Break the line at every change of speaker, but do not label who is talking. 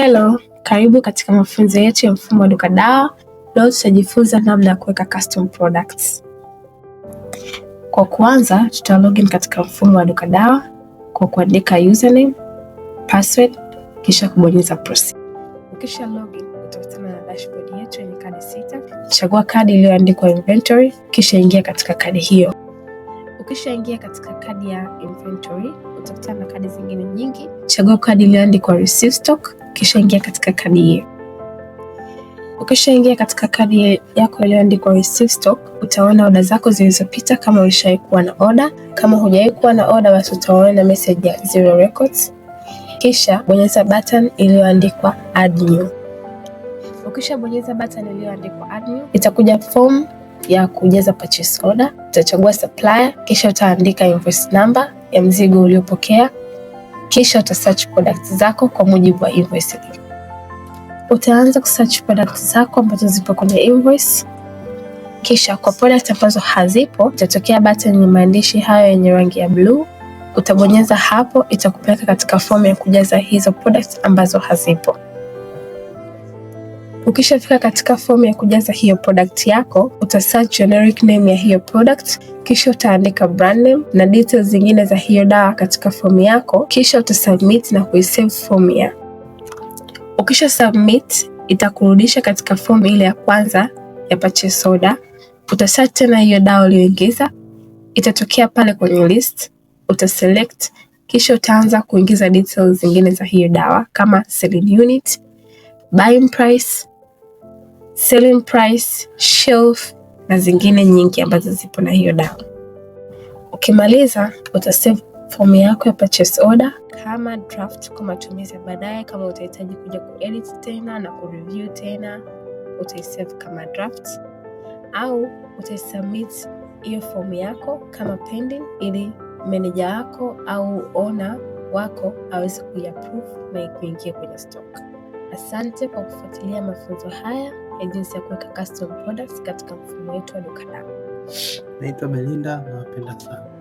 Hello, karibu katika mafunzo yetu ya mfumo wa duka dawa. Leo tutajifunza namna ya kuweka custom products. Kwa kuanza, tuta login katika mfumo wa duka dawa kwa kuandika username, password kisha kubonyeza proceed.
Ukisha login, utakutana na dashboard yetu yenye kadi sita.
Chagua kadi iliyoandikwa inventory kisha ingia katika kadi hiyo.
Ukishaingia katika kadi ya inventory, utakutana na kadi zingine nyingi.
Chagua kadi iliyoandikwa receive stock, kisha ingia katika kadi hiyo. Ukishaingia katika kadi yako iliyoandikwa receive stock, utaona oda zako zilizopita, kama ulishawahi kuwa na oda. Kama hujawahi kuwa na oda, basi utaona message ya zero records, kisha bonyeza button iliyoandikwa add new.
Ukishabonyeza button iliyoandikwa add new,
itakuja form ya kujaza purchase order. Utachagua supplier, kisha utaandika invoice number ya mzigo uliopokea, kisha uta search product zako kwa mujibu wa invoice. Utaanza kusearch product zako ambazo zipo kwenye invoice, kisha kwa product ambazo hazipo, itatokea button yenye maandishi hayo yenye rangi ya bluu. Utabonyeza hapo, itakupeleka katika fomu ya kujaza hizo products ambazo hazipo. Ukishafika katika fomu ya kujaza hiyo product yako, uta search generic name ya hiyo product, kisha utaandika brand name na details zingine za hiyo dawa katika fomu yako, kisha uta submit na kuisave fomu ya. Ukisha submit itakurudisha katika fomu ile ya kwanza ya purchase order. Uta search tena hiyo dawa uliyoingiza, itatokea pale kwenye list, uta select kisha utaanza kuingiza details zingine za hiyo dawa kama selling unit, buying price, selling price, shelf na zingine nyingi ambazo zipo na hiyo dawa. Ukimaliza save fomu yako ya purchase order kama draft kwa matumizi ya baadaye. Kama utahitaji kuja kuedit tena na kureview tena, utaisave kama draft au utaisubmit hiyo fomu yako kama pending, ili meneja wako au owner wako aweze kuiapprove na ikuingie kwenye stock. Asante kwa kufuatilia mafunzo haya ya jinsi ya kuweka custom products katika mfumo wetu wa duka lako.
Naitwa Belinda nawapenda sana.